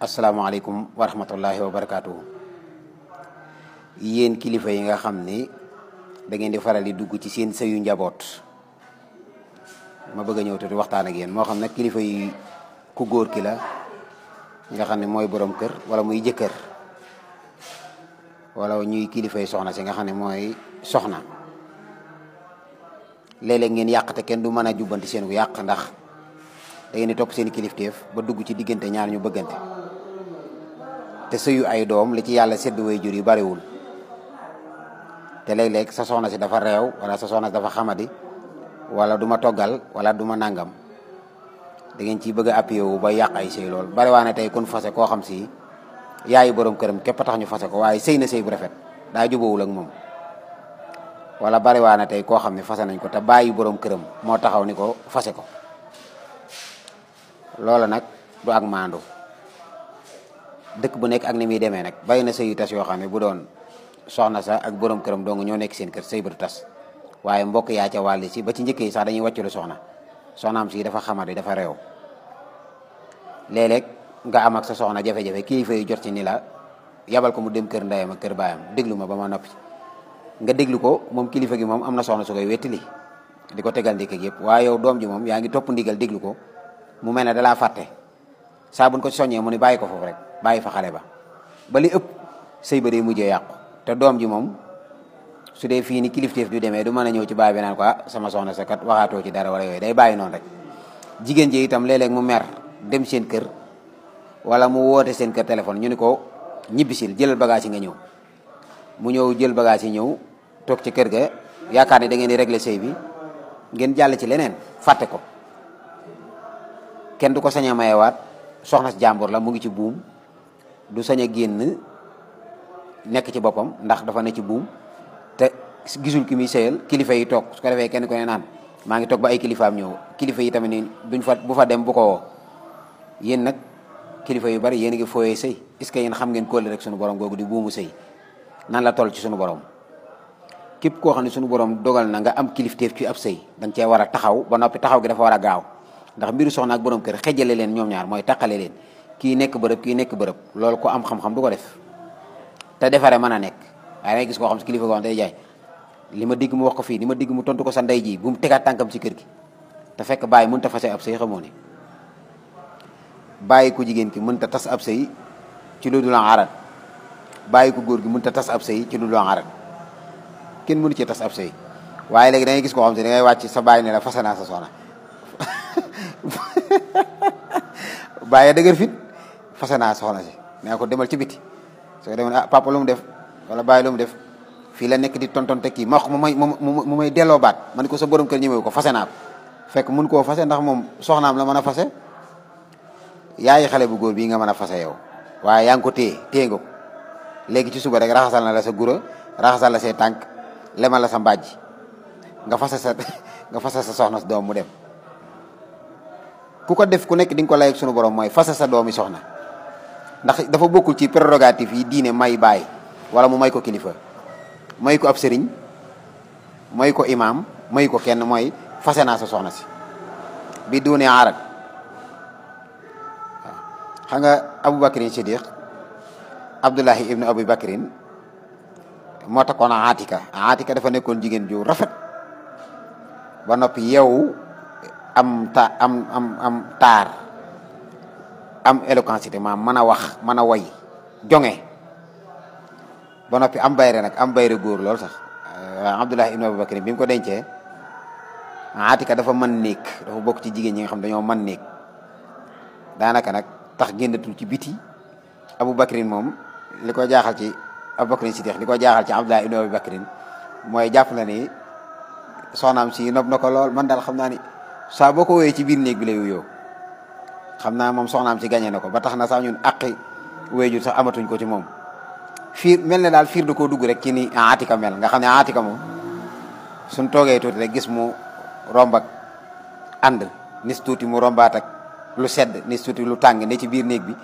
Assalamualaikum warahmatullahi wabarakatuh. yeen kilifa yi nga xamni da ngeen di faral di dugg ci seen sëyu njabot ma bëgg a ñëw tuuti waxtaan ak yeen mo xam nag kilifa yi ku goor ki la nga xamni moy borom kër wala muy jëkër wala ñuy kilifa yi soxna ci nga xamni moy soxna léeg ngeen yàq kenn du mëna jubanti seen yu yaq ndax da ngeen di top seen kilifteef ba dugg ci digënté ñaar ñu bëggante. te sëyu ay doom li ci yàlla sédd way jur yu bariwul te léeg-léeg sa soxna si dafa réew wala sa soxna si dafa xamadi wala du ma toggal wala du ma nangam da ngeen ciy bëgg a appuyé wu ba yàq ay sëy lool bariwaa ne tey kun fase koo xam si yaayu borom këram képp tax ñu fase ko waaye sëy na sëy bu rafet daa jubóowul ak moom wala bariwaa na tey koo xam ne fase nañ ko te bàyyi borom këram moo taxaw ni ko fase ko loola nag du ak maandu dëkk bu nekk ak ni muy demee nag bay na sëy yu tas yoo xam ne bu doon soxna sa ak borom këram dong ñoo nekk seen kër sëy ba tas waaye mbokk yaa ca wàll si ba ci njëkk yi sax dañuy wàccu lu soxna soxnaam si dafa xamadi dafa réew léeg nga am ak sa soxna jafe-jafe kilifa jot ci ni la yabal ko mu dem kër ndeyam ak kër baayam déglu ma ba ma noppi nga déglu ko moom kilifa gi moom am na soxna su koy wettali di ko tegal ndekk ak yëpp waaye yow doom ji moom yaa ngi topp ndigal déglu ko mu mel ne dalaa fàtte saa buñ ko soññee mu ne bàyyi ko foofu rek bàyyi fa xale ba ba li ëpp sëy ba day mujjee yàqu te doom ji moom su dee fii ni kilifteef du demee du mën a ñëw ci baay bi naan ko ah sama soxna sa kat waxaatoo ci dara wala yooyu day bàyyi noonu rek jigéen ji itam léeg-léeg mu mer dem seen kër wala mu woote seen kër téléphone ñu ni ko ñibbisil jëlal bagage yi nga ñëw mu ñëw jël bagage yi ñëw toog ci kër ga yaakaar ne da ngeen di régler sëy bi ngeen jàll ci leneen fàtte ko kenn du ko sañ a mayewaat soxna si la mu ngi ci buum du sañ a génn nekk ci boppam ndax dafa ne ci buum te gisul ki muy sëyal kilifa yi toog su ko defee kenn ko ne naan maa ngi toog ba ay kilifaam ñëw kilifa yi tamit ni duñ fa bu fa dem bu ko yéen nag kilifa yu bari yéen a ngi fooyee sëy est-ce que yéen xam ngeen kóol rek sunu borom googu di buumu sëy nan la toll ci sunu borom képp koo xam ne sunu borom dogal na nga am kilifteef ci ab sëy da nga cee war a taxaw ba noppi taxaw gi dafa war a gaaw ndax mbiru soxna ak borom kër xejale len ñom ñaar moy takale len ki nek bërëb ki nek bërëb loolu ko am xam-xam du ko def ta defare mana nek ay ngay gis ko xam ci kilifa goo day jaay lima ma digg mu wax ko fi lima ma digg mu tontu ko sa ndey ji bu mu tega tankam ci kër gi te fekk mën ta fase ab sey xamoni ku jigen ki mën ta tas ab sey ci lu dul arat bàyyi ku gor gi ta tas ab sey ci lu dul arat ken mënu ci tas ab sey waaye léegi da ngay gis ko xam ci da ngay wacc sa bàyyi ne la sa soxna bàyyee dëgër fit fase naa soxna si nee ko demal ci biti soo demee ah papa lu mu def wala bàyyi lu mu def fii la nekk di tonton te kii ma wax mu may mu may delloo baat man ko sa borom kër ñëwee ko fase naa fekk mun koo fase ndax moom soxnaam la man a fase yaayi xale bu góor bii nga mën a fase yow waaye yaa ngi ko téye téye léegi ci suba rek raxasal na la sa gura raxasal la say tànk lemal la sa mbàjj nga fase sa nga fase sa soxna si doom mu dem ku ko def ku nek di nga ko layeg sunu borom moy fasa sa doomi soxna ndax dafa bokul ci prerogative yi diine may bay. wala mu may ko kilifa may ko ab serigne may ko imam may ko kenn moy fase naa sa soxna si bi duni arab Hanga nga bakri sidiq abdullahi ibnu abou bakri moo takoon atika atika dafa nekkon jigen ju rafet ba nopi yow am ta am am am taar am éloquence maam mën a wax mën a way jonge ba noppi am bayre nag am bayre góor loolu sax euh, Abdullah ibn Abubakar bi mu ko dencee Atika dafa mën néeg dafa bokk ci jigéen ñi nga xam dañoo mën néeg daanaka nag tax génnatul ci biti Abubakrin moom li ko jaaxal ci Abubakrin Siddiq li ko ci Abdullah mooy jàpp na soxnaam si nob na ko lool man daal xam naa ni saa boo ko wooyee ci biir néeg bi lay wuyoo xam naa moom soxnaam ci gañe na ko ba tax na sax ñun aqi wéyjur sax amatuñ ko ci moom fiir mel ne daal fiir da ko dugg rek ci ni atika mel nga xam ne atika moom suñ toogee tuuti rek gis mu romb ak ànd nis tuuti mu rombaat ak lu sedd nis lu tàng ne ci biir néeg bi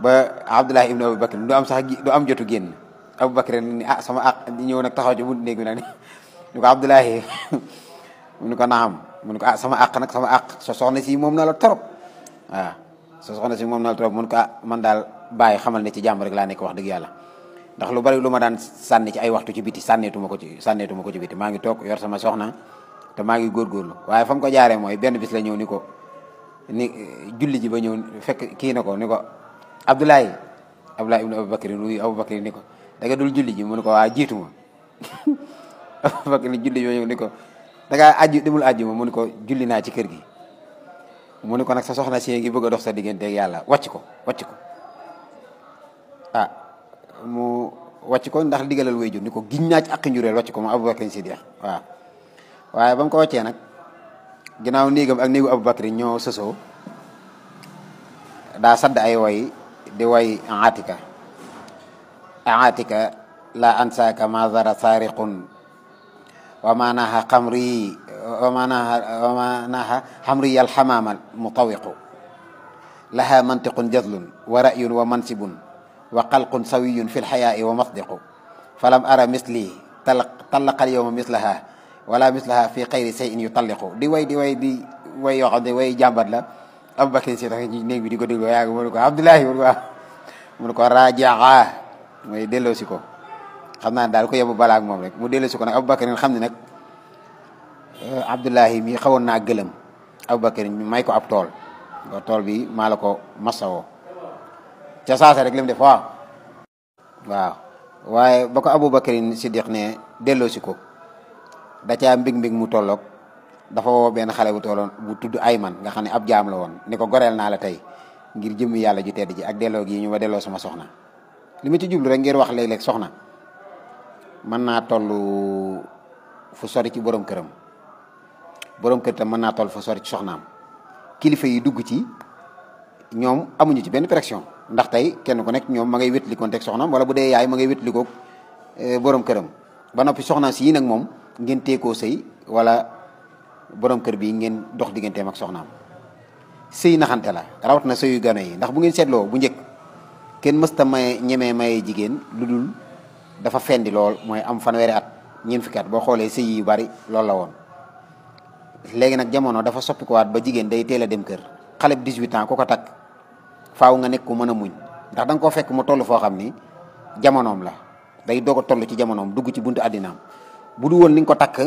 ba Abdullahi ibnu am sax am jotu génn Abu Bakr ni ah sama aq ñëw nag taxaw ci bunt néeg bi nag ni ñu ko Abdullahi ñu ko naam mu ne ko ah sama àq nag soxna si moom na la trop waaw sa soxna si moom na la trop mu ko ah man daal bàyyi xamal ne ci jàmm rek laa nekk wax dëgg yàlla ndax lu bari lu ma daan sànni ci ay waxtu ci biti sànneetuma ko ci sànneetuma ko ci biti maa ngi toog yor sama soxna te maa ngi góorgóorlu waaye fam ko jaaree mooy benn bis la ñëw ni ko ni julli ji ba ñëw fekk kii na ko ni ko Abdoulaye Abdoulaye ibnu Aboubacry nuyu Aboubacry ni ko da julli ji mu ne ko waa jiitu ma Aboubacry julli ji ba ñëw ni da ngaa aju demul aju ma ko julli naa ci kër gi mu ne ko nag sa soxna si ngi bëgg dox sa digganteeg yàlla wàcc ko wàcc ko ah mu wàcc ko ndax digalal way jur ni ko giñ naa ci aqi njureel wàcc ko mu Abubakar Siddiq waaw waaye ba ko wàccee nag ginnaaw néegam ak néegu Abubakar ñoo sësoo daa sadd ay woy di woy aatika la ansaka ma zara ومعناها قمري ومعناها ومعناها حمري الحمام المطوق لها منطق جذل ورأي ومنسب وقلق سوي في الحياء ومصدق فلم أرى مثلي طلق, طلق اليوم مثلها ولا مثلها في غير شيء يطلق دي وي دي وي دي وي يقعد دي جامبر لا أبو بكر سيدنا نيجي دي قدر يا عبد الله يقول راجعه وي mooy سيكو xam naa ne daal ko yebu balaak moom rek mu dellu si ko nag Aboubacar xam ne nag euh, Abdullahi mi xawoon naa gëlëm Aboubacar mi may ko ab tool ba tool bi maa ko masawoo ca saasa rek li mu def waaw waaw waaye ba ko Aboubacar Siddiq ne delloo si ko da caa mbig-mbig mu tollook dafa woo benn xale bu tolloon bu tudd Ayman nga xam ne ab jaam la woon ni ko goreel naa la tey ngir jëmmi yàlla ju tedd ji ak delloo gi ñu ma delloo sama soxna li ma ci jublu rek ngir wax léeg-léeg soxna mën naa toll fu sori ci borom këram borom kër tam mën naa toll fu sori ci soxnaam kilifa yi dugg ci ñoom amuñu ci benn pression ndax tey kenn ku nekk ñoom ma ngay wétli koon wala bu dee yaay ma ngay wétli ko eh, borom këram ba noppi soxnaam si yi nag moom ngeen teekoo sëy wala borom kër bi ngeen dox digganteem ak soxnaam sëy naxante la rawatina sëyu gano yi ndax bu ngeen seetloo bu njëkk kenn mësta may ñemee maye jigéen lu dul dafa fendi lool mooy am fanweeri at ñeent fukki boo xoolee sëy yu bari loolu la woon léegi nag jamono dafa soppikuwaat ba jigéen day teel a dem kër xale bi 18 ans ku ko takk faaw nga nekk ku mën a muñ ndax danga nga koo fekk mu toll foo xam ni jamonoom la day doog a toll ci jamonoom dugg ci buntu àddinaam bu du woon ni nga ko takk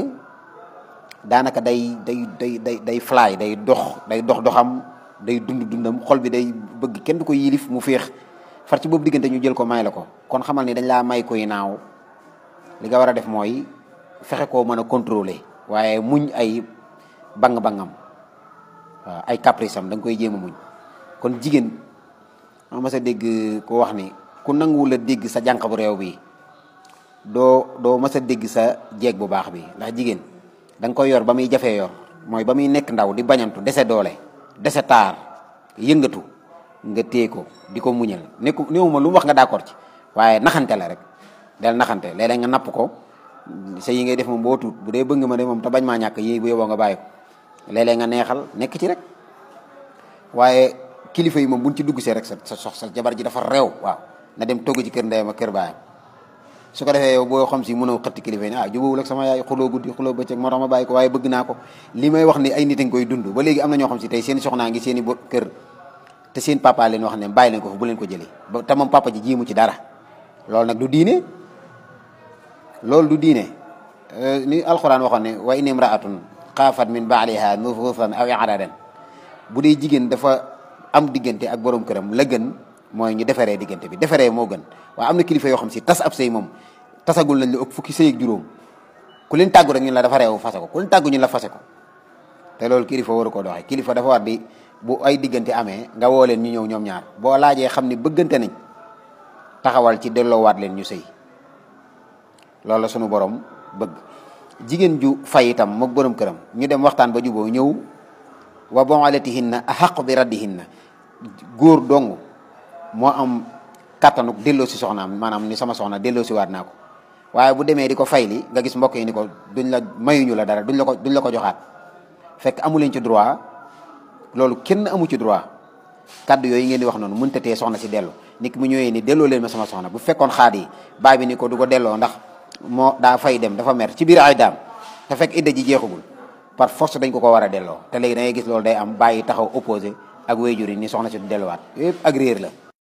daanaka day day day day day fly day dox day dox doxam day dund dundam xol bi day bëgg kenn du ko yilif mu féex far ci boobu diggante ñu jël ko may la ko kon xamal ni dañ laa may koy naaw li nga war a def mooy fexe koo mën a controler waaye muñ ay bang-bangam waaw ay caprice am da koy jéem a muñ kon jigéen ma mas a dégg ko wax ni ku nanguwul a dégg sa jànq bu réew bi doo doo mas a dégg sa jeeg bu baax bi ndax jigéen da koy yor ba muy jafe yor mooy ba muy nekk ndaw di bañantu dese doole dese taar yëngatu nga téye ko di ko muñal ne ko néewuma lu wax nga d'accord ci waaye naxante la rek del naxante léeg-léeg nga napp ko sa yi ngay def moom boo tuut bu dee bëgg ma de moom te bañ maa ñàkk yi bu yoboo nga bàyyi ko léeg nga neexal nekk ci rek waaye kilifa yi moom buñ ci dugg see rek sa sa sox sa jabar ji dafa réew waaw na dem togg ci kër ndeyam ak kër baayam su ko defee yow boo xam si mënoo xëtti kilifa yi ne ah jubawul ak sama yaay xuloo guddi xuloo bëccëg moo ma bàyyi ko waaye bëgg naa ko li may wax ni ay nit a ngi koy dund ba léegi am na ñoo xam si tey seen soxnaa ngi seen i kër te seen papa leen wax ne bàyyi leen ko fa bu leen ko jëlee ba te moom papa ji jiimu ci dara loolu nag du diine loolu du diine euh, ni alxuraan waxoon ne wa in imraatun xaafat min baaliha nufuusan aw i'raadan bu dee jigéen dafa am diggante ak borom këram la gën mooy ñu defaree diggante bi defaree moo gën waaye am na kilifa yoo xam si tas ab sëy moom tasagul nañ la ëpp fukki sëy ak leen tàggu rek ñun la dafa reewu fase ko la fase ko te loolu kilifa waru koo doxee kilifa dafa war di bu ay diggante amee nga woo leen ñu ñëw ñoom ñaar boo laajee xam ni bëggante nañ taxawal ci delloowaat leen ñu sëy loolu la sunu boroom bëgg jigéen ju fay itam moog borom këram ñu dem waxtaan ba juboo ñëw wa bonalatihinna ahaqu bi raddihinna góor dong moo am kattanuk delloo si soxnaam maanaam ni sama soxna delloo si waat naa ko waaye bu demee di ko fayli nga gis mbokk yi ni ko duñ la mayuñu la dara duñ la ko duñ la ko joxaat fekk amu leen ci droit loolu kenn amu ci droit kaddu yooyu ngeen di wax noonu mënta tee soxna si dellu nit mu ñëwee ni delloo leen ma sama soxna bu fekkoon xaad yi bi ni ko du ko delloo ndax moo daa fay dem dafa mer ci biir ay daam te fekk idda ji jeexagul par force dañ ko ko war a delloo te léegi da gis loolu day am bàyyi taxaw opposé ak wéyjur yi ni soxna si du delluwaat yëpp ak la